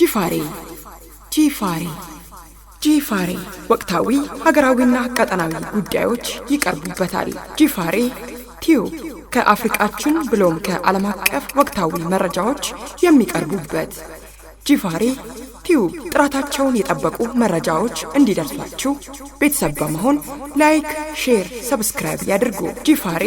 ጂፋሬ ጂፋሬ ጂፋሬ ወቅታዊ ሀገራዊና ቀጠናዊ ጉዳዮች ይቀርቡበታል። ጂፋሬ ቲዩብ ከአፍሪቃችን ብሎም ከዓለም አቀፍ ወቅታዊ መረጃዎች የሚቀርቡበት ጂፋሬ ቲዩብ ጥራታቸውን የጠበቁ መረጃዎች እንዲደርሷችሁ ቤተሰብ በመሆን ላይክ፣ ሼር፣ ሰብስክራይብ ያድርጉ። ጂፋሬ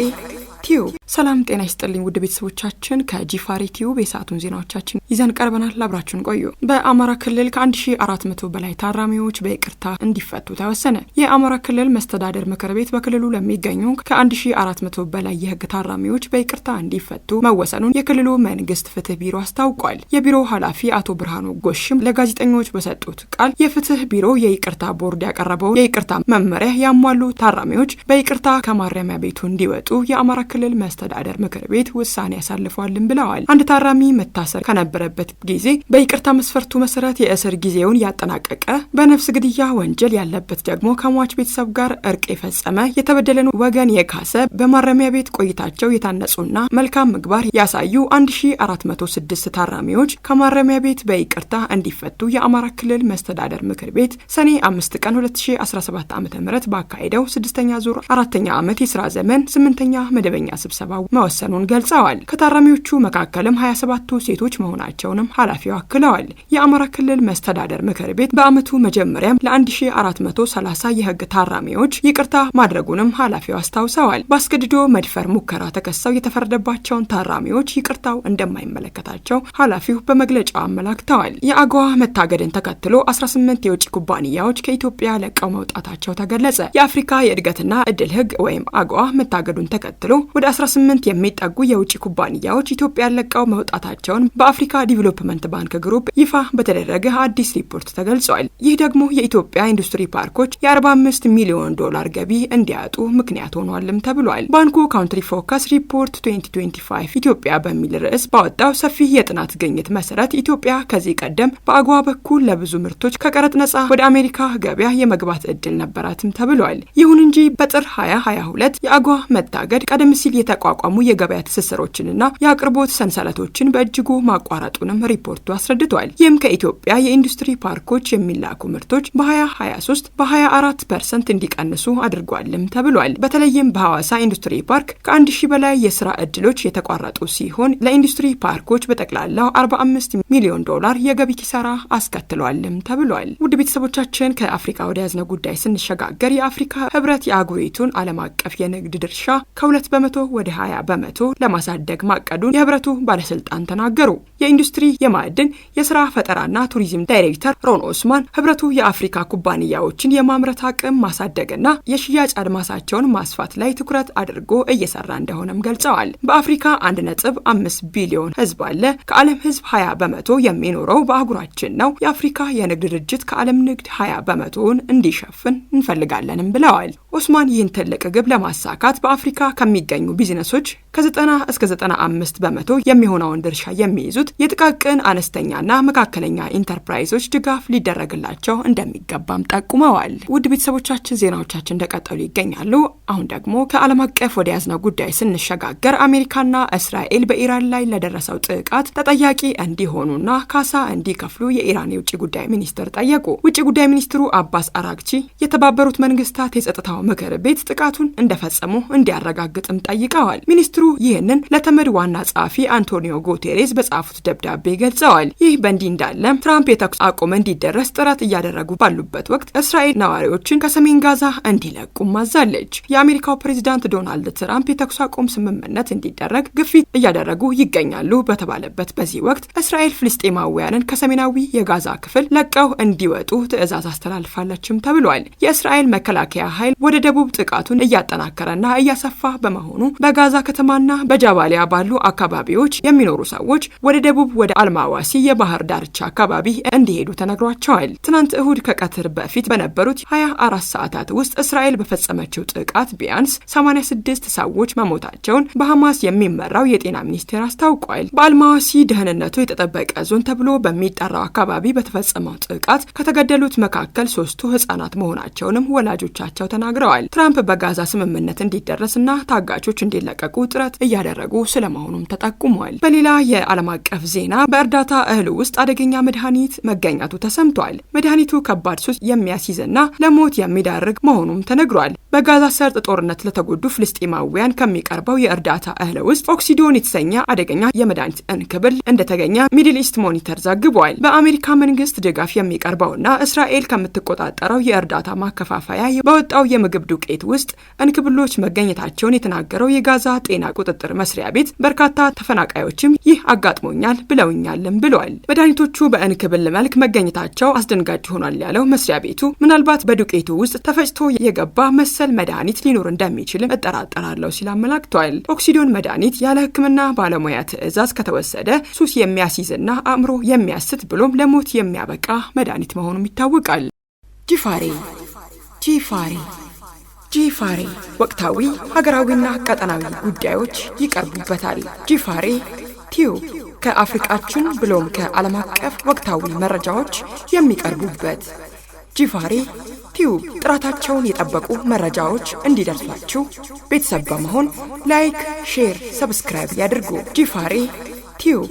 ቲዩብ። ሰላም ጤና ይስጥልኝ ውድ ቤተሰቦቻችን፣ ከጂፋሪ ቲዩብ የሰዓቱን ዜናዎቻችን ይዘን ቀርበናል። አብራችሁን ቆዩ። በአማራ ክልል ከ1400 በላይ ታራሚዎች በይቅርታ እንዲፈቱ ተወሰነ። የአማራ ክልል መስተዳደር ምክር ቤት በክልሉ ለሚገኙ ከ1400 በላይ የህግ ታራሚዎች በይቅርታ እንዲፈቱ መወሰኑን የክልሉ መንግስት ፍትህ ቢሮ አስታውቋል። የቢሮው ኃላፊ አቶ ብርሃኑ ጎሽም ለጋዜጠኞች በሰጡት ቃል የፍትህ ቢሮ የይቅርታ ቦርድ ያቀረበው የይቅርታ መመሪያ ያሟሉ ታራሚዎች በይቅርታ ከማረሚያ ቤቱ እንዲወጡ የአማራ ክልል ክልል መስተዳደር ምክር ቤት ውሳኔ ያሳልፏልን ብለዋል። አንድ ታራሚ መታሰር ከነበረበት ጊዜ በይቅርታ መስፈርቱ መሰረት የእስር ጊዜውን ያጠናቀቀ፣ በነፍስ ግድያ ወንጀል ያለበት ደግሞ ከሟች ቤተሰብ ጋር እርቅ የፈጸመ፣ የተበደለን ወገን የካሰ፣ በማረሚያ ቤት ቆይታቸው የታነጹና መልካም ምግባር ያሳዩ 1406 ታራሚዎች ከማረሚያ ቤት በይቅርታ እንዲፈቱ የአማራ ክልል መስተዳደር ምክር ቤት ሰኔ 5 ቀን 2017 ዓ ም ባካሄደው ስድስተኛ ዙር አራተኛ ዓመት የስራ ዘመን ስምንተኛ መደበኛ መደበኛ ስብሰባ መወሰኑን ገልጸዋል። ከታራሚዎቹ መካከልም 27ቱ ሴቶች መሆናቸውንም ኃላፊው አክለዋል። የአማራ ክልል መስተዳደር ምክር ቤት በዓመቱ መጀመሪያም ለ1430 የህግ ታራሚዎች ይቅርታ ማድረጉንም ኃላፊው አስታውሰዋል። በአስገድዶ መድፈር ሙከራ ተከሰው የተፈረደባቸውን ታራሚዎች ይቅርታው እንደማይመለከታቸው ኃላፊው በመግለጫው አመላክተዋል። የአገዋ መታገድን ተከትሎ 18 የውጭ ኩባንያዎች ከኢትዮጵያ ለቀው መውጣታቸው ተገለጸ። የአፍሪካ የእድገትና እድል ህግ ወይም አገዋ መታገዱን ተከትሎ ወደ 18 የሚጠጉ የውጭ ኩባንያዎች ኢትዮጵያን ለቀው መውጣታቸውን በአፍሪካ ዲቨሎፕመንት ባንክ ግሩፕ ይፋ በተደረገ አዲስ ሪፖርት ተገልጿል። ይህ ደግሞ የኢትዮጵያ ኢንዱስትሪ ፓርኮች የ45 ሚሊዮን ዶላር ገቢ እንዲያጡ ምክንያት ሆኗልም ተብሏል። ባንኩ ካውንትሪ ፎከስ ሪፖርት 2025 ኢትዮጵያ በሚል ርዕስ ባወጣው ሰፊ የጥናት ግኝት መሰረት ኢትዮጵያ ከዚህ ቀደም በአጓ በኩል ለብዙ ምርቶች ከቀረጥ ነጻ ወደ አሜሪካ ገበያ የመግባት እድል ነበራትም ተብሏል። ይሁን እንጂ በጥር 2022 የአጓ መታገድ ቀደም ሲል የተቋቋሙ የገበያ ትስስሮችንና የአቅርቦት ሰንሰለቶችን በእጅጉ ማቋረጡንም ሪፖርቱ አስረድቷል። ይህም ከኢትዮጵያ የኢንዱስትሪ ፓርኮች የሚላኩ ምርቶች በ2023 በ24 ፐርሰንት እንዲቀንሱ አድርጓልም ተብሏል። በተለይም በሐዋሳ ኢንዱስትሪ ፓርክ ከ1 ሺ በላይ የስራ እድሎች የተቋረጡ ሲሆን ለኢንዱስትሪ ፓርኮች በጠቅላላው 45 ሚሊዮን ዶላር የገቢ ኪሳራ አስከትሏልም ተብሏል። ውድ ቤተሰቦቻችን ከአፍሪካ ወደ ያዝነው ጉዳይ ስንሸጋገር የአፍሪካ ህብረት የአህጉሪቱን ዓለም አቀፍ የንግድ ድርሻ ከሁለት በመ ከመቶ ወደ 20 በመቶ ለማሳደግ ማቀዱን የህብረቱ ባለስልጣን ተናገሩ። የኢንዱስትሪ የማዕድን የስራ ፈጠራና ቱሪዝም ዳይሬክተር ሮን ኦስማን ህብረቱ የአፍሪካ ኩባንያዎችን የማምረት አቅም ማሳደግና የሽያጭ አድማሳቸውን ማስፋት ላይ ትኩረት አድርጎ እየሰራ እንደሆነም ገልጸዋል። በአፍሪካ 1.5 ቢሊዮን ህዝብ አለ። ከዓለም ህዝብ 20 በመቶ የሚኖረው በአህጉራችን ነው። የአፍሪካ የንግድ ድርጅት ከዓለም ንግድ 20 በመቶውን እንዲሸፍን እንፈልጋለንም ብለዋል። ኦስማን ይህን ትልቅ ግብ ለማሳካት በአፍሪካ ከሚገ የሚገኙ ቢዝነሶች ከ90 እስከ 95 በመቶ የሚሆነውን ድርሻ የሚይዙት የጥቃቅን አነስተኛና መካከለኛ ኢንተርፕራይዞች ድጋፍ ሊደረግላቸው እንደሚገባም ጠቁመዋል። ውድ ቤተሰቦቻችን ዜናዎቻችን እንደቀጠሉ ይገኛሉ። አሁን ደግሞ ከዓለም አቀፍ ወደ ያዝነው ጉዳይ ስንሸጋገር አሜሪካና እስራኤል በኢራን ላይ ለደረሰው ጥቃት ተጠያቂ እንዲሆኑና ካሳ እንዲከፍሉ የኢራን የውጭ ጉዳይ ሚኒስትር ጠየቁ። ውጭ ጉዳይ ሚኒስትሩ አባስ አራግቺ የተባበሩት መንግስታት የጸጥታው ምክር ቤት ጥቃቱን እንደፈጸሙ እንዲያረጋግጥም ጠይቀዋል። ሚኒስትሩ ሚኒስትሩ ይህንን ለተመድ ዋና ጸሐፊ አንቶኒዮ ጉቴሬዝ በጻፉት ደብዳቤ ገልጸዋል። ይህ በእንዲህ እንዳለ ትራምፕ የተኩስ አቁም እንዲደረስ ጥረት እያደረጉ ባሉበት ወቅት እስራኤል ነዋሪዎችን ከሰሜን ጋዛ እንዲለቁም አዛለች። የአሜሪካው ፕሬዚዳንት ዶናልድ ትራምፕ የተኩስ አቁም ስምምነት እንዲደረግ ግፊት እያደረጉ ይገኛሉ በተባለበት በዚህ ወቅት እስራኤል ፍልስጤማውያንን ከሰሜናዊ የጋዛ ክፍል ለቀው እንዲወጡ ትዕዛዝ አስተላልፋለችም ተብሏል። የእስራኤል መከላከያ ኃይል ወደ ደቡብ ጥቃቱን እያጠናከረና እያሰፋ በመሆኑ በጋዛ ከተማ ከተማና በጃባሊያ ባሉ አካባቢዎች የሚኖሩ ሰዎች ወደ ደቡብ ወደ አልማዋሲ የባህር ዳርቻ አካባቢ እንዲሄዱ ተነግሯቸዋል። ትናንት እሁድ ከቀትር በፊት በነበሩት 24 ሰዓታት ውስጥ እስራኤል በፈጸመችው ጥቃት ቢያንስ 86 ሰዎች መሞታቸውን በሐማስ የሚመራው የጤና ሚኒስቴር አስታውቋል። በአልማዋሲ ደህንነቱ የተጠበቀ ዞን ተብሎ በሚጠራው አካባቢ በተፈጸመው ጥቃት ከተገደሉት መካከል ሶስቱ ህጻናት መሆናቸውንም ወላጆቻቸው ተናግረዋል። ትራምፕ በጋዛ ስምምነት እንዲደረስ እና ታጋቾች እንዲለቀቁ ጥረት እያደረጉ ስለመሆኑም ተጠቁሟል። በሌላ የዓለም አቀፍ ዜና በእርዳታ እህል ውስጥ አደገኛ መድኃኒት መገኘቱ ተሰምቷል። መድኃኒቱ ከባድ ሱስ የሚያስይዝና ለሞት የሚዳርግ መሆኑም ተነግሯል። በጋዛ ሰርጥ ጦርነት ለተጎዱ ፍልስጤማውያን ከሚቀርበው የእርዳታ እህል ውስጥ ኦክሲዶን የተሰኘ አደገኛ የመድኃኒት እንክብል እንደተገኘ ሚድል ኢስት ሞኒተር ዘግቧል። በአሜሪካ መንግስት ድጋፍ የሚቀርበውና እስራኤል ከምትቆጣጠረው የእርዳታ ማከፋፈያ በወጣው የምግብ ዱቄት ውስጥ እንክብሎች መገኘታቸውን የተናገረው የጋዛ ጤና ቁጥጥር መስሪያ ቤት በርካታ ተፈናቃዮችም ይህ አጋጥሞኛል ብለውኛልም ብሏል። መድኃኒቶቹ በእንክብል መልክ መገኘታቸው አስደንጋጭ ሆኗል ያለው መስሪያ ቤቱ ምናልባት በዱቄቱ ውስጥ ተፈጭቶ የገባ መስ መሰል መድኃኒት ሊኖር እንደሚችል እጠራጠራለሁ ሲል አመላክቷል። ኦክሲዶን መድኃኒት ያለ ሕክምና ባለሙያ ትዕዛዝ ከተወሰደ ሱስ የሚያስይዝና አእምሮ የሚያስት ብሎም ለሞት የሚያበቃ መድኃኒት መሆኑም ይታወቃል። ጂፋሬ ጂፋሬ ጂፋሬ ወቅታዊ ሀገራዊና ቀጠናዊ ጉዳዮች ይቀርቡበታል። ጂፋሬ ቲዩብ ከአፍሪቃችን ብሎም ከዓለም አቀፍ ወቅታዊ መረጃዎች የሚቀርቡበት ጂፋሬ ቲዩብ ጥራታቸውን የጠበቁ መረጃዎች እንዲደርሷችሁ ቤተሰብ በመሆን ላይክ፣ ሼር፣ ሰብስክራይብ ያድርጉ። ጂፋሬ ቲዩ